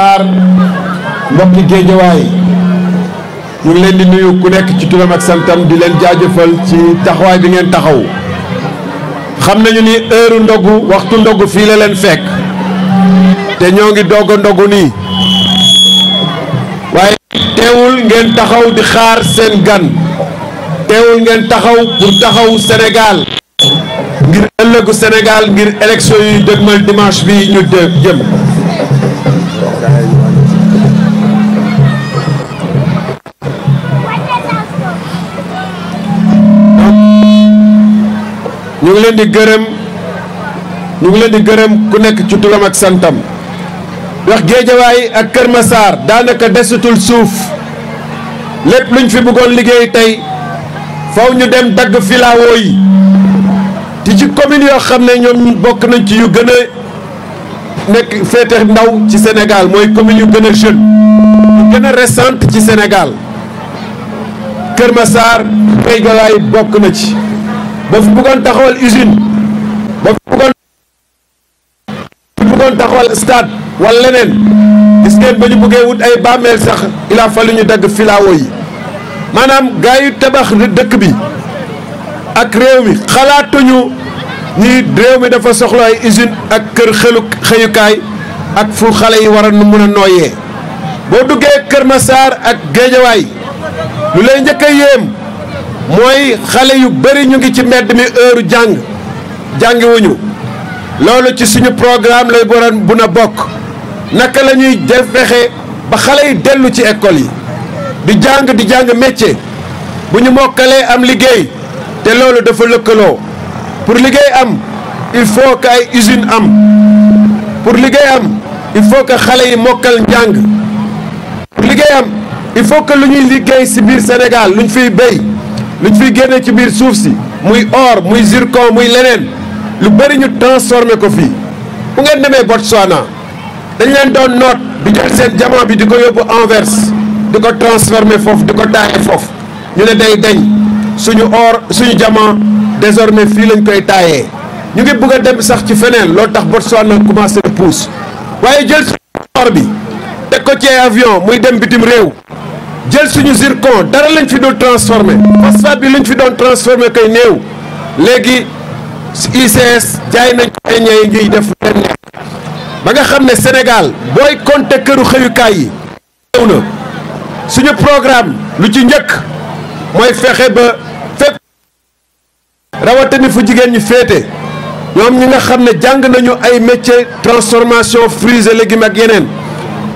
aar mbokki géejawaay ñu ngi leen di nuyu ku nekk ci turam ak santam di leen jaajëfal ci taxawaay bi ngeen taxaw xam nañu ni heure ndogu waxtu ndogu fii la leen fekk te ñoo ngi doog ndogu nii waaye teewul ngeen taxaw di xaar seen gan teewul ngeen taxaw pour taxaw Sénégal ngir ëllëgu Sénégal ngir élection yuy dëgmal dimanche bi ñu jëm ngi leen di gërëm ñu ngi leen di gërëm ku nekk ci turam ak santam wax géejawaay ak Kër Massar daanaka desutul suuf lépp luñ fi bëggoon liggéey tey faw ñu dem dagg filawoo yi te ci commune yoo xam ne ñoom bokk nañ ci yu gën a nekk féete ndaw ci senegal mooy commune yu gën a jeune yu gën a ci senegal Kër Massar géejawaay bokk na ci ba fi bëggoon taxawal usine ba fi bëggoon taxawal stade wal leneen gis ngeen ba ñu buggee wut ay bàmmeel sax il a fallu ñu dagg filaawo yi maanaam gaa yu tabax dëkk bi ak réew mi xalaatuñu ñi réew mi dafa soxla ay usine ak kër xelu xëyukaay ak fu xale yi war a mun a nooyee boo duggee Kër Massar ak Géejawaay lu lay njëkk a yéem mooy xale yu bëri ñu ngi ci mbedd mi heure jàng jàngiwuñu loolu ci suñu programme lay boran bu na bokk naka la ñuy def ba xale yi dellu ci école yi di jàng di jàng métier bu ñu mokkalee am liggéey te loolu dafa lëkkaloo pour liggéey am il faut que ay usine am pour liggéey am il faut que xale yi mokkal njàng pour liggéey il faut que lu ñuy liggéey si biir Sénégal lu ñu fi béy luñ fiy génnee ci biir suuf si muy or muy zircon muy leneen lu bëri ñu transformé ko fii bu ngeen demee Botswana dañ leen doon noot di jël seen diamant bi di ko yóbbu enverse di ko transformé foofu di ko taaye foofu ñu ne day dañ suñu or suñu diamant désormais fii lañ koy taayee ñu ngi bëgg a dem sax ci feneen loo tax Botswana commencé pousse waaye jël suñu or bi teg ko ci avion muy dem bitim réew jël suñu zircon dara lañ fi doon transformé phosphate bi lañ fi doon transformé kay néew léegi ICS jaay nañ ko ñay ngiy def leen neex ba nga xam ne Sénégal booy compté këru xëyukaay yi néew na suñu programme lu ci njëkk mooy fexe ba fépp rawatina fu jigéen ñi féete ñoom ñi nga xam ne jàng nañu ay métier transformation fruits et légumes ak yeneen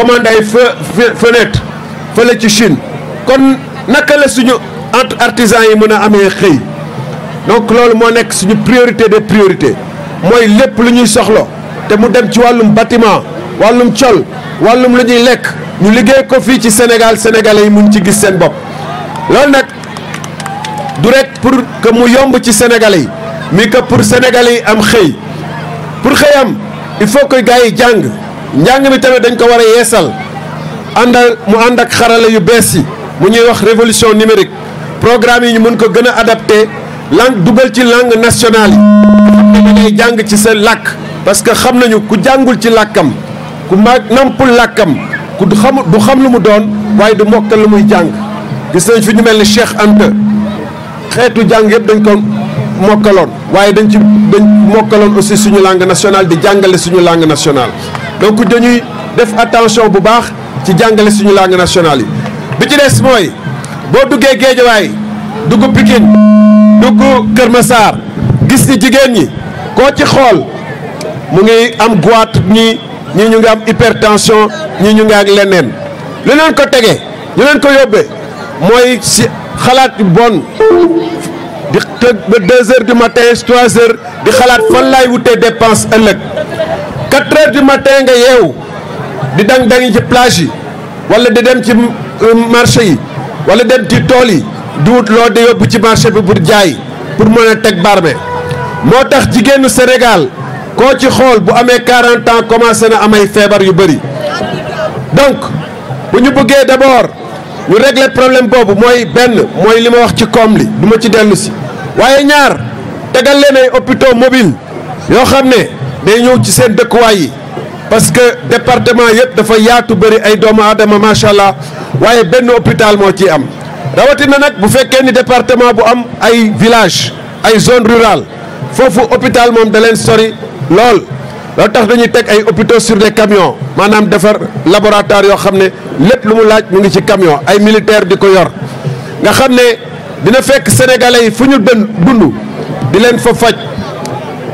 commande ay fenêtre fenêtre Chine kon nakala suñu entre artisan yi amé xey donc c'est une priorité suñu priorité des priorités moy nous luñuy soxlo té mu dem ci le bâtiment walum tiol walum lu ñu liggéey ko fi ci Sénégal sénégalais yi ci gis sen nous du rek pour que mu yomb ci sénégalais mais que pour sénégalais pour il faut que nous jang njàng mi tamit dañ ko war a yeesal àndal mu ànd ak xarala yu bees yi mu ñuy wax révolution numérique programme yi ñu mën ko gën a adapté langue dugal ci langue nationale yi da ngay jàng ci sa làkk parce que xam nañu ku jàngul ci làkkam ku mag nampul làkkam ku du xam xam lu mu doon waaye du mokkal lu muy jàng gis nañ fi ñu mel ni Cheikh Anta xeetu jàng yëpp dañ ko mokkaloon waaye dañ ci dañ mokkaloon aussi suñu langue nationale di jàngale suñu langue nationale donc dañuy def attention bu baax ci jàngale suñu langue nationale yi bi ci des mooy boo duggee Géejawaay dugg Pikine dugg Kër Massar gis ni jigéen ñi koo ci xool mu ngi am goitre ñi ñii ñu ngi am hypertension ñii ñu ngi ak leneen lu leen ko tege lu leen ko yóbbee mooy si xalaat yu bon di tëdd ba deux heures du matin trois heures di xalaat fan laay wutee dépense ëllëg 4 heures du matin nga yew di dang dang ci plage yi wala di dem ci euh, marché yi wala dem ci tool yi di wut loo di yóbbu ci marché bi pour jaay pour meuna tek barbe motax jigenu senegal ko ci xol bu amé 40 ans commencé na amay fièvre yu bëri donc bu ñu bëggee d'abord ñu régler problème bobu moy ben moy lima wax ci kom li duma ci delu ci waye ñaar tegal leen ay hôpitaux mobile yo xamné day ñëw ci seen dëkkuwaay yi parce que département yëpp dafa yaatu bëri ay doomu aadama macha allah waaye benn hôpital moo ciy am rawatina nag bu fekkee ni département bu am ay village ay zone rurale foofu hôpital moom da leen sori lool loolu tax dañuy teg ay hôpitaux sur des camions maanaam defar laboratoire yoo xam ne lépp lu mu laaj ngi ci camion ay militaire di ko yor nga xam ne dina fekk sénégalais yi fu ñu dën dund di leen fa faj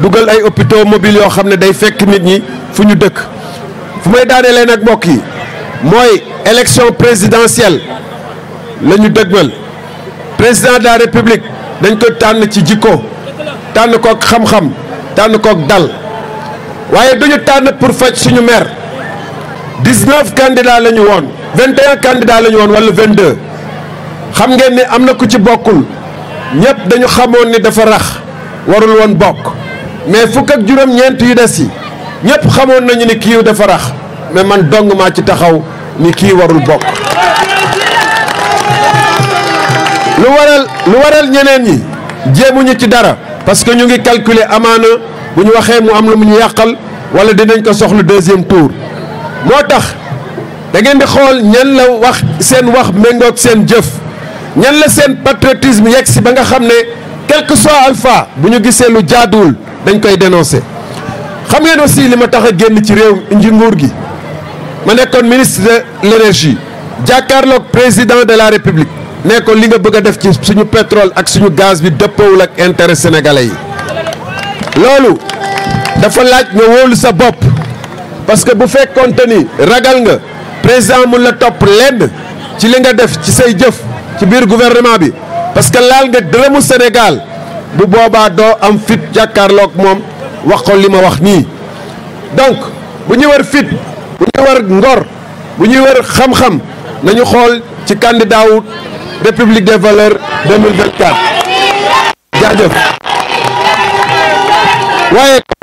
dugal ay hôpitaux mobile yoo xam ne day fekk nit ñi fu ñu dëkk fu may daanelee nag mbokk yi mooy élection présidentielle la ñu dëgmal président de la république dañ ko tànn ci jikko tànn kook xam-xam tànn kook dal waaye duñu tànn pour faj suñu maire 19 candidats la ñu woon 21 candidats la ñu woon wala 22 xam ngeen ni am na ku ci bokkul ñëpp dañu xamoon ni dafa rax warul woon bokk mais fukk ak juróom-ñeent yu des yi ñëpp xamoon nañu ni kii dafa rax mais man dong maa ci taxaw ni kii warul bokk. lu waral lu waral ñeneen yi jéemuñu ci dara parce que ñu ngi calculer amaana bu ñu waxee mu am lu mu ñu yàqal wala dinañ ko soxlu deuxième tour moo tax da ngeen di xool ñan la wax seen wax méngoog seen jëf ñan la seen patriotisme yegg si ba nga xam ne quel que soit alpha bu ñu gisee lu jaaduwul. dañ koy dénoncer xam ngeen aussi li ma tax a génn ci réew ministre de l'énergie jàkkaarloog président de la république ne ko li nga bëgg a def ci suñu pétrole ak suñu gaz bi dëppawul ak intérêt sénégalais yi loolu dafa laaj nga wóolu sa bopp parce que bu faites ni ragal nga président mun la top l'aide, ci li nga def ci say jëf ci biir gouvernement bi parce que laal nga dërëmu Sénégal bu boobaa doo am fit jàkkaarlook moom wax ko li ma wax nii donc bu ñuy war fit bu ñuy war ngor bu ñuy war xam-xam nañu xool ci candidat wu république des valeurs waaye